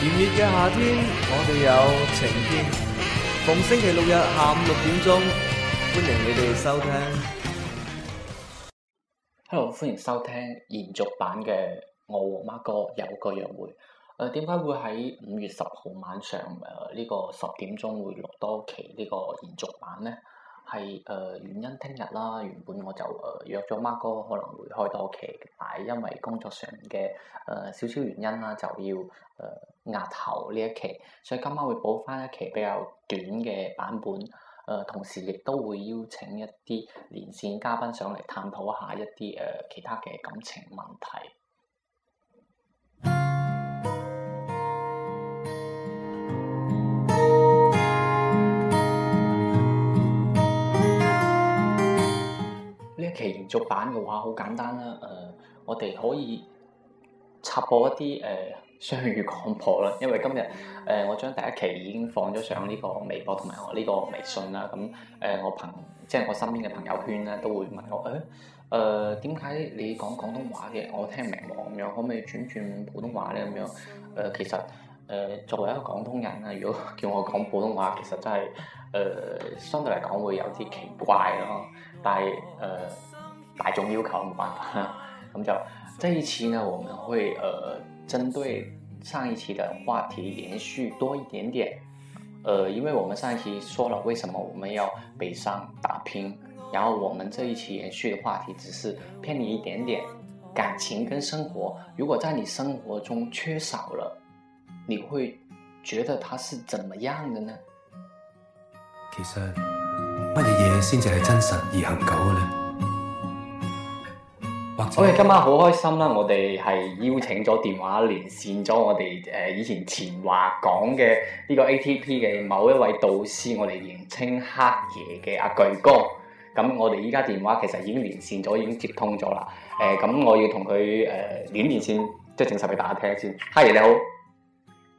炎熱嘅夏天，我哋有晴天。逢星期六日下午六點鐘，歡迎你哋收聽。Hello，歡迎收聽延續版嘅我和孖哥有個約會。誒、呃，點解會喺五月十號晚上誒呢、呃呢個十點鐘會錄多期呢個延續版呢？係誒、呃、原因，聽日啦，原本我就誒、呃、約咗 Mark 哥可能會開多期，但係因為工作上嘅誒、呃、少少原因啦，就要誒壓、呃、後呢一期，所以今晚會補翻一期比較短嘅版本，誒、呃、同時亦都會邀請一啲連線嘉賓上嚟探討一下一啲誒、呃、其他嘅感情問題。其延續版嘅話好簡單啦，誒、呃，我哋可以插播一啲誒雙語廣播啦，因為今日誒、呃、我將第一期已經放咗上呢個微博同埋我呢個微信啦，咁、嗯、誒、呃、我朋即係我身邊嘅朋友圈咧都會問我誒誒，點解你講廣東話嘅我聽唔明喎，咁樣，可唔可以轉轉普通話咧咁樣？誒、呃、其實誒、呃、作為一個廣東人啊，如果叫我講普通話，其實真係誒相對嚟講會有啲奇怪咯，但係誒，呃百中有考，冇辦法。咁就，這一期呢，我們會，呃，針對上一期的話題延續多一點點。呃，因為我們上一期說了為什麼我們要北上打拼，然後我們這一期延續的話題只是偏離一點點感情跟生活。如果在你生活中缺少了，你會覺得它是怎麼樣的呢？其實乜嘢嘢先至係真實而恒久嘅咧？我哋、okay，今晚好開心啦！我哋係邀請咗電話連線咗我哋誒、呃、以前前話講嘅呢個 ATP 嘅某一位導師，我哋暱稱黑爺嘅阿巨哥。咁我哋依家電話其實已經連線咗，已經接通咗啦。誒、呃，咁我要同佢誒連連線，即係正式俾大家聽先。黑爺你好，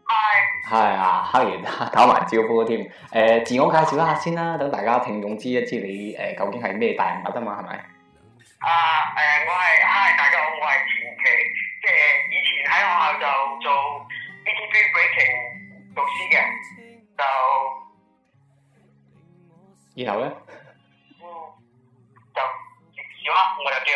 係係啊，黑爺打埋招呼添。誒、呃，自我介紹一下先啦，等大家聽眾知一知你誒、呃、究竟係咩大人物啊嘛，係咪？啊！誒、呃，我係嗨，大家好，我係前期，即係以前喺學校就做 B T P breaking 讀書嘅，就然後咧就小啊！我就叫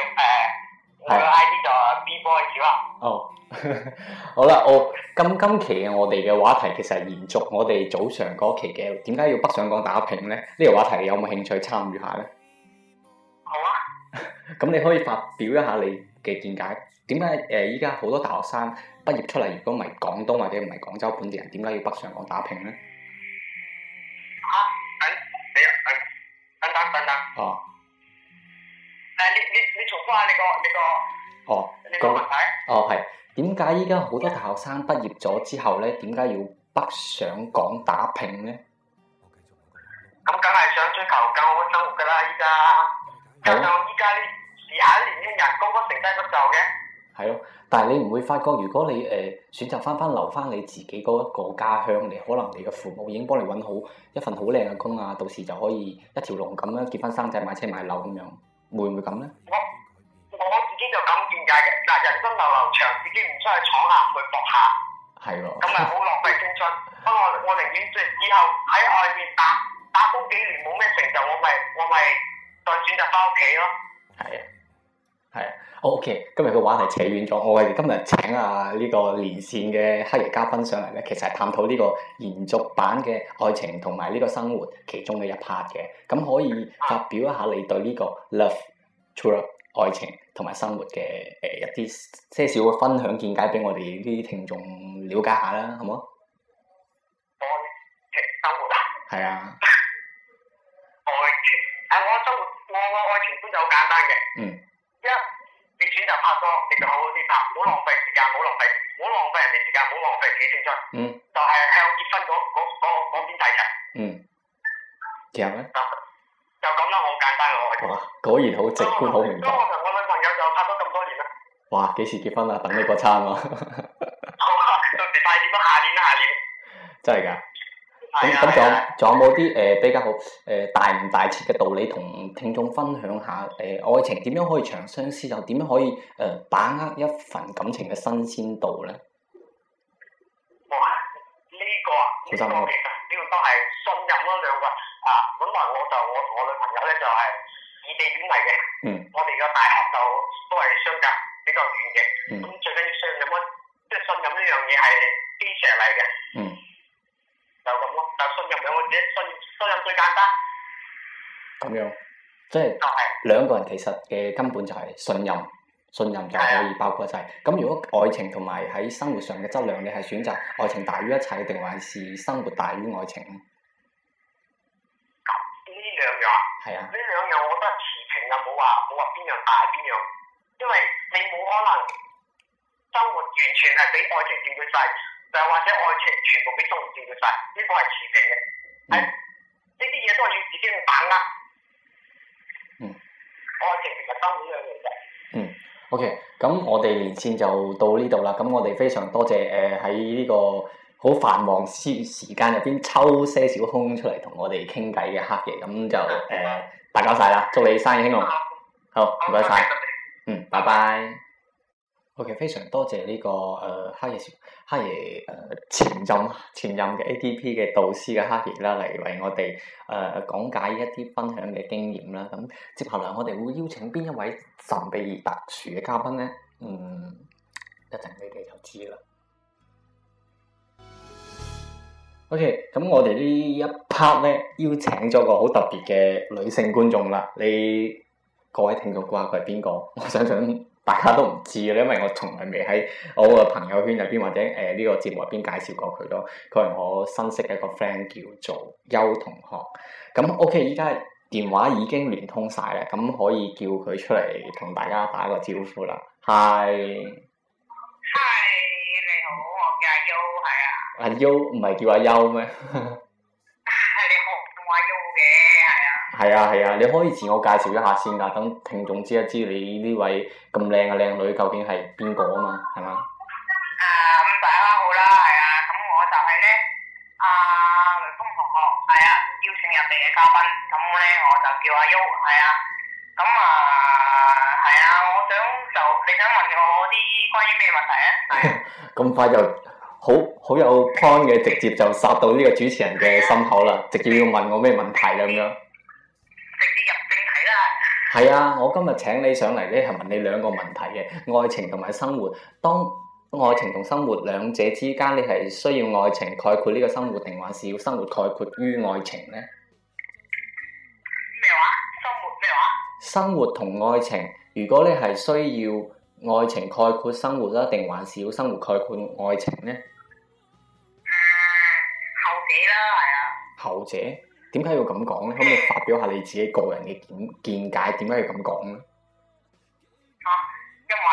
誒，我個 I D 就 B Boy 少啊。哦，好啦，我咁今期我哋嘅話題其實係延續我哋早上嗰期嘅，點解要北上港打拼咧？呢、這個話題你有冇興趣參與下咧？咁你可以發表一下你嘅見解，點解誒依家好多大學生畢業出嚟，如果唔係廣東或者唔係廣州本地人，點解要北上廣打拼咧、啊？啊，等、啊，係等等，等、啊、等。哦、啊。誒、啊，你你你重翻你個你個。哦、啊。個問題。哦，係點解依家好多大學生畢業咗之後咧，點解要北上廣打拼咧？咁梗係想追求更好生活㗎啦！依、啊、家，依、啊、家廿一年嘅人高不成低不就嘅？係咯，但係你唔會發覺，如果你誒、呃、選擇翻翻留翻你自己嗰一個家鄉，你可能你嘅父母已經幫你揾好一份好靚嘅工啊，到時就可以一條龍咁樣，結婚生仔買車買樓咁樣，會唔會咁咧？我我自己就咁見解嘅，嗱人生流流長，自己唔出去闖下，唔去搏下，係喎的，咁咪好浪費青春。 不過我寧願即以後喺外邊打打工幾年冇咩成就，我咪我咪再選擇翻屋企咯。係啊。係，OK。今日個話題扯遠咗，我係今日請阿、啊、呢個連線嘅黑人嘉賓上嚟咧，其實係探討呢個延續版嘅愛情同埋呢個生活其中嘅一 part 嘅。咁可以發表一下你對呢個 love，true love，愛情同埋生活嘅誒一啲些少嘅分享見解俾我哋啲聽眾了解下啦，好冇的？愛情，生活啊。係啊。愛情，係我生活，我我愛情觀就好簡單嘅。嗯。一，拍片就拍拖，你就好好啲拍，唔好浪費時間，唔好浪費，唔好浪費人哋時間，唔好浪費自己青春。嗯。就係向結婚嗰邊睇嘅。嗯。正咩？就咁啦，好簡單啦。哇！果然好直觀，好、嗯、明白。咁我同我女朋友就拍咗咁多年啦。哇！幾時結婚啊？等你嗰餐喎。到時快點啦，下年啊，下 年。 真係㗎。咁咁仲仲有冇啲誒比較好誒、呃、大唔大徹嘅道理同聽眾分享下誒、呃、愛情點樣可以長相思，又點樣可以誒、呃、把握一份感情嘅新鮮度咧？哇！呢、這個啊，其實呢、這個這個都係信任咯，兩個啊！本來我就我同我女朋友咧就係異地戀嚟嘅，嗯、我哋嘅大學就都係相隔比較遠嘅，咁最緊要信任咯，即係信任呢樣嘢係基石嚟嘅。就信任兩個字，信信任最簡單。咁樣，即係、就是、兩個人其實嘅根本就係信任，的信任就可以包括晒、就是。咁的如果愛情同埋喺生活上嘅質量，你係選擇愛情大於一切，定還是生活大於愛情咧？咁呢兩樣，呢的兩樣我覺得持平嘅，冇話冇話邊樣大邊樣，因為你冇可能生活完全係比愛情重要晒。就或者愛情全，全部俾動搖晒，呢個係持平嘅。呢啲嘢都係要自己去把握。嗯。愛情其實都係一樣嘅。嗯，OK，咁我哋連線就到呢度啦。咁我哋非常多謝誒喺呢個好繁忙時時間入邊抽些少空出嚟同我哋傾偈嘅黑嘅。咁就誒，打攪曬啦，祝你生意興隆。好，唔該晒。嗯，拜拜。OK，非常多謝呢、這個誒哈耶少，哈耶，哈耶、呃、前，前任前任嘅 ATP 嘅導師嘅哈耶啦，嚟為我哋誒講解一啲分享嘅經驗啦。咁、嗯、接下來我哋會邀請邊一位神秘而特殊嘅嘉賓咧？嗯，一陣你哋就知啦。OK，咁我哋呢一 part 咧邀請咗個好特別嘅女性觀眾啦。你各位聽眾估下佢係邊個？我想想。大家都唔知嘅，因為我從來未喺我，朋、呃、這個、我個朋友圈入邊或者誒呢個節目入邊介紹過佢咯。佢係我新識嘅一個 friend 叫做優同學。咁 OK，依家電話已經聯通晒啦，咁可以叫佢出嚟同大家打個招呼啦。係，係你好，我叫阿優，係啊。阿優唔係叫阿優咩？ 係啊係啊，你可以自我介紹一下先，啊。等聽眾知一知你呢位咁靚嘅靚女究竟係邊、嗯、個啊嘛，係嘛？誒咁大家好啦，係啊，咁我就係、是、咧，阿雷鋒同學係啊，邀請入嚟嘅嘉賓，咁咧我，我就叫阿 U 係啊，咁啊係啊，我想就你想問我啲關於咩問題咧、啊？咁 快就好好有 point 嘅，直接就殺到呢個主持人嘅心口啦，直接、啊、要問我咩問題咁樣？係啊，我今日請你上嚟咧係問你兩個問題嘅，愛情同埋生活。當愛情同生活兩者之間，你係需要愛情概括呢個生活，定還是要生活概括於愛情呢？咩話？生活咩話？生活同愛情，如果你係需要愛情概括生活啦，定還是要生活概括愛情呢？嗯，後者啦，係啊。後者。點解要咁講？可唔可以發表下你自己個人嘅見見解？點解要咁講咧？啊，因為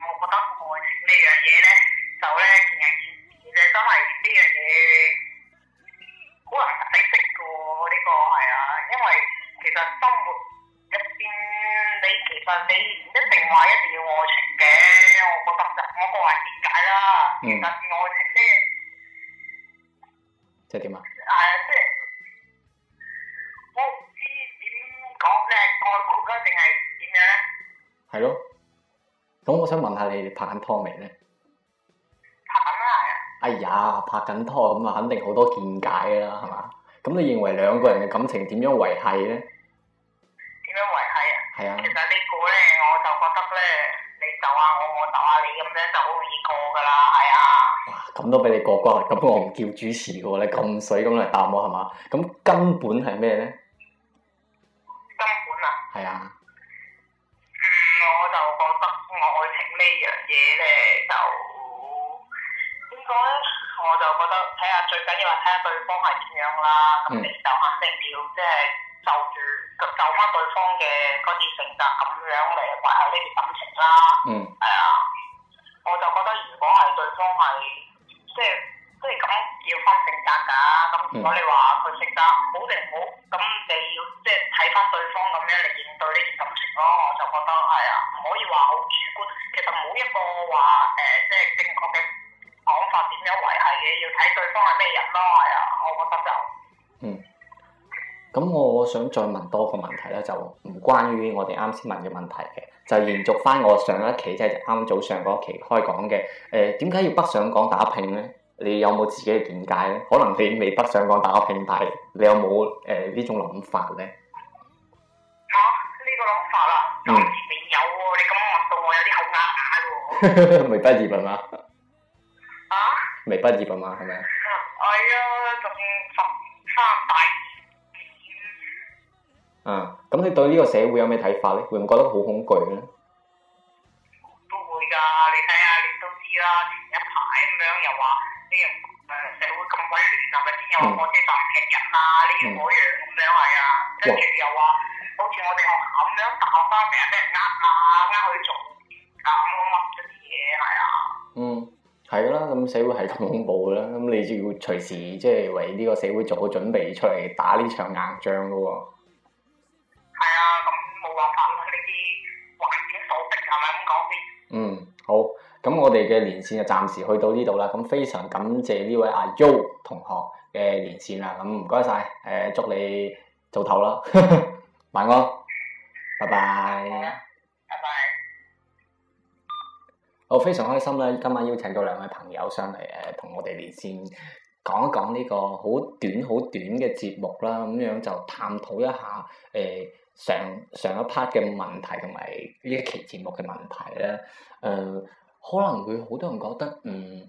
我覺得愛呢樣嘢咧，就咧其實意思，而且真係呢樣嘢好難解釋噶喎。呢、嗯這個係啊，因為其實生活入邊，你其實你唔一定話一定要愛情嘅。我覺得就，我個人理解啦，但係愛情咧，嗯、即係點啊？咯，咁我想問下你哋拍緊拖未咧？拍緊啦！哎呀，拍緊拖咁啊，肯定好多見解啦，係嘛？咁你認為兩個人嘅感情點樣維繫咧？點樣維繫啊？係啊。其實呢個咧，我就覺得咧，你就下、啊、我，我、啊、就下你咁樣就好容易過噶啦，係、哎、啊。哇，咁都俾你過關？咁我唔叫主持嘅喎，你咁水咁嚟答我係嘛？咁根本係咩咧？呢樣嘢咧就點講咧？我就覺得睇下最緊要係睇下對方係點樣啦。咁、嗯、你就肯定要即係就住、就、就翻對方嘅嗰啲性格咁樣嚟維係呢啲感情啦。嗯，係啊，我就覺得如果係對方係即係即係咁要翻、嗯、性格㗎。咁如果你話佢性格好定唔好咁你。即係睇翻對方咁樣嚟應對呢啲感情咯，我就覺得係啊，唔、哎、可以話好主觀。其實冇一個話誒、呃，即係正確嘅講法點樣維係嘅，要睇對方係咩人咯。係、哎、啊，我覺得就嗯，咁我想再問多個問題咧，就唔關於我哋啱先問嘅問題嘅，就延續翻我上一期即係啱早上嗰期開講嘅誒，點解要北上廣打拼咧？你有冇自己嘅見解咧？可能你未北上廣打拼，但係你有冇誒、呃、呢種諗法咧？我未有喎，你咁問到我有啲口啞啞喎。未畢業嘛？啊？未畢業嘛？係咪啊？係啊，仲十年三大二。啊，咁你對呢個社會有咩睇法咧？會唔覺得好恐懼咧？都會㗎，你睇下你都知啦，前一排咁樣又話啲誒社會咁鬼亂，係咪先有嗰啲白皮人啊？呢樣嗰樣咁樣係啊，跟住又話。咁樣大學生成日俾人呃啊，呃去做我咁嗰啲嘢，係啊，嗯，係啦，咁社會係咁恐怖嘅啦，咁你就要隨時即係、就是、為呢個社會做好準備，出嚟打呢場硬仗咯。哦。係啊，咁冇辦法啦，呢啲環境所逼係咪咁講先？嗯，好，咁我哋嘅連線就暫時去到呢度啦。咁非常感謝呢位阿、啊、U 同學嘅連線啦。咁唔該晒，誒、呃，祝你早唞啦， 晚安。拜拜。拜拜。我、哦、非常開心咧，今晚邀請到兩位朋友上嚟，誒、呃，同我哋連線，講一講呢個好短、好短嘅節目啦。咁樣就探討一下，誒、呃，上上一 part 嘅問題同埋呢一期節目嘅問題咧。誒、呃，可能會好多人覺得，嗯，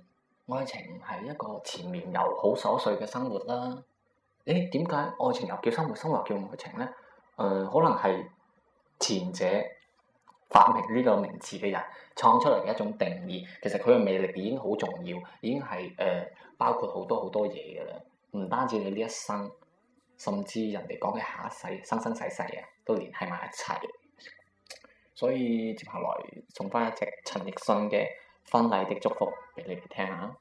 愛情係一個纏綿又好瑣碎嘅生活啦。誒，點解愛情又叫生活，生活叫愛情咧？誒、呃，可能係。前者發明呢個名詞嘅人創出嚟嘅一種定義，其實佢嘅魅力已經好重要，已經係誒、呃、包括好多好多嘢㗎啦，唔單止你呢一生，甚至人哋講嘅下一世、生生世世啊，都連係埋一齊。所以接下來送翻一隻陳奕迅嘅《婚禮的祝福》俾你哋聽下。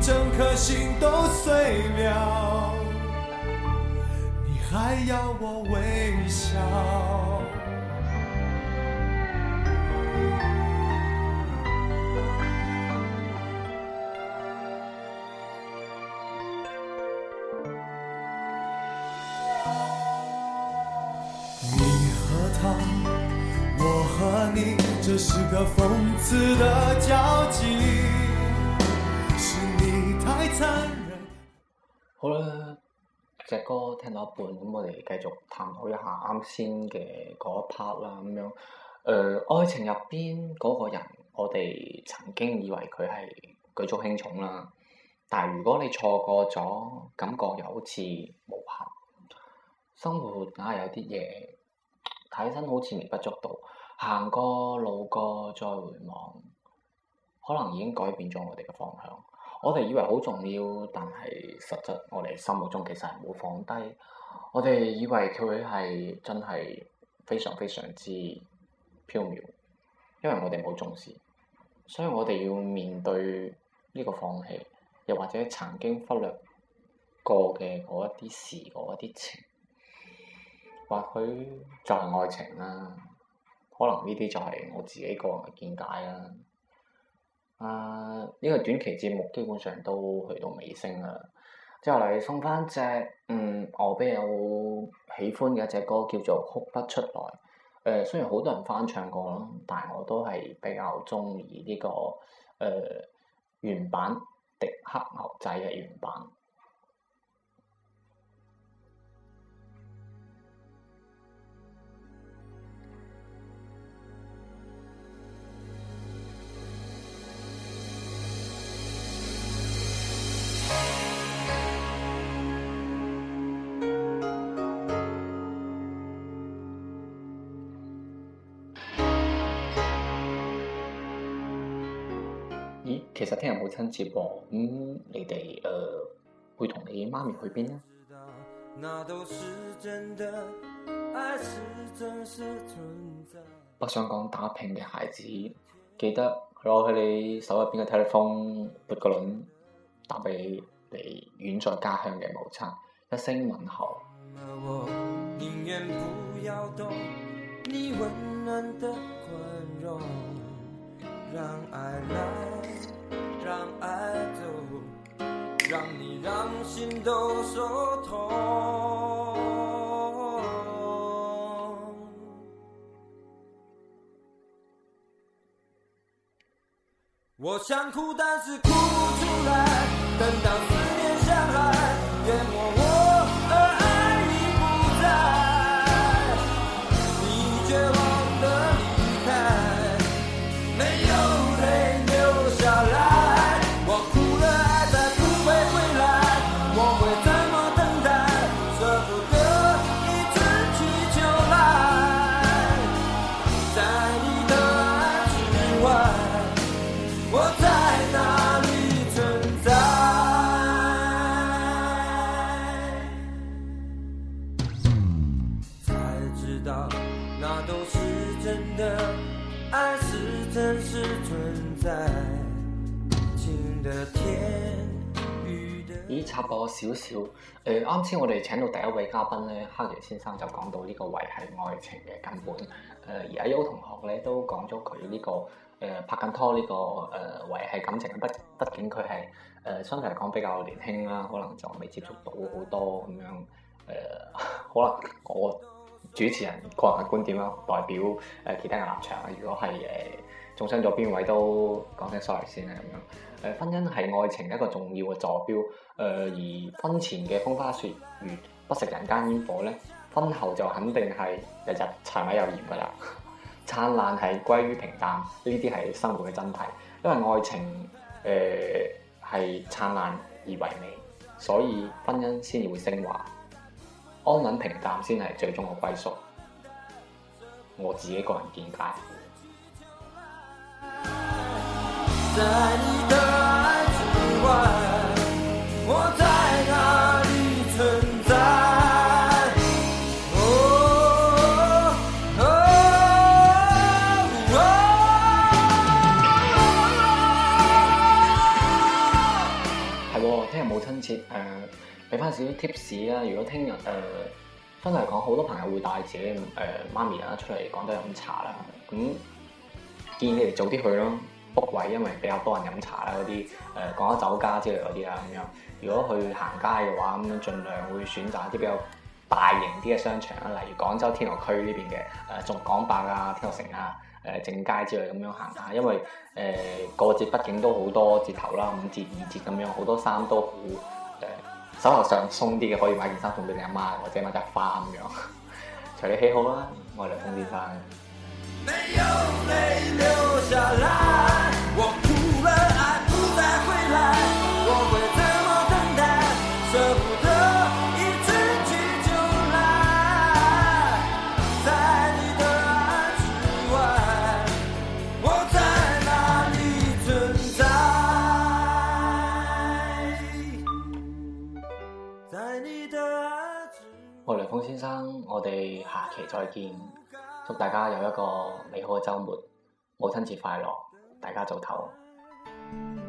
整顆心都碎了，你還要我微笑？你和他，我和你，這是個諷刺的交集。好啦，隻歌聽到一半，咁我哋繼續探討一下啱先嘅嗰一 part 啦。咁樣，誒、呃，愛情入邊嗰、那個人，我哋曾經以為佢係舉足輕重啦，但係如果你錯過咗，感覺又好似無限。生活梗係有啲嘢睇起身好似微不足道，行過路過再回望，可能已經改變咗我哋嘅方向。我哋以為好重要，但係實質我哋心目中其實係冇放低。我哋以為佢係真係非常非常之飄渺，因為我哋冇重視。所以我哋要面對呢個放棄，又或者曾經忽略過嘅嗰一啲事，嗰一啲情，或許就係愛情啦。可能呢啲就係我自己個人嘅見解啦。呢個短期節目基本上都去到尾聲啦，之後嚟送翻隻，嗯，我比較喜歡嘅一隻歌叫做《哭不出來》，誒、呃、雖然好多人翻唱過咯，但係我都係比較中意呢個誒、呃、原版迪克牛仔嘅原版。其實聽日母親節喎，咁、嗯、你哋誒、呃、會同你媽咪去邊咧？不想講打拼嘅孩子，記得攞起你手入邊嘅 telephone，撥個輪，打俾你遠在家鄉嘅母親，一聲問候。都說痛我想哭，但是哭唔出來。等到。插播少少，誒啱先，我哋請到第一位嘉賓咧，黑傑先生就講到呢個維繫愛情嘅根本。誒、呃、而阿優同學咧都講咗佢呢個誒、呃、拍緊拖呢、呢個誒、呃、維繫感情。不畢竟佢係誒相對嚟講比較年輕啦，可能就未接觸到好多咁樣。誒、呃、好啦，我主持人個人嘅觀點啦，代表誒其他嘅立場啊。如果係誒、呃、中傷咗邊位都講聲 sorry 先啊咁樣。誒婚姻係愛情一個重要嘅座標。誒、呃、而婚前嘅風花雪月、不食人間煙火呢，婚後就肯定係日日柴米油鹽噶啦。 燦爛係歸於平淡，呢啲係生活嘅真諦。因為愛情誒係、呃、燦爛而唯美，所以婚姻先至會昇華，安穩平淡先係最終嘅歸宿。我自己個人見解。 我係喎，聽日母親節，誒、呃，俾翻少少 tips 啦。如果聽日，誒、呃，分開嚟講，好多朋友會帶自己，誒、呃，媽咪啊出嚟廣州飲茶啦。咁建議你哋早啲去咯。福位，因為比較多人飲茶啦，嗰啲誒講咗酒家之類嗰啲啦，咁樣。如果去行街嘅話，咁樣盡量會選擇一啲比較大型啲嘅商場啦，例如廣州天河區呢邊嘅誒仲廣百啊、天河城啊、誒、呃、正佳之類咁樣行下，因為誒過節畢竟都好多折頭啦，五折、二折咁樣，好多衫都好誒、呃、手頭上鬆啲嘅，可以買件衫送俾你阿媽，或者買扎花咁樣。隨 你喜好啦，我嚟公司翻。 我哭了，愛不再回來，我會怎麼等待？捨不得，一轉身就來，在你的愛之外，我在哪裏存在？在你的愛之外。好，雷峰先生，我哋下期再見，祝大家有一個美好嘅周末，母親節快樂！大家早唞。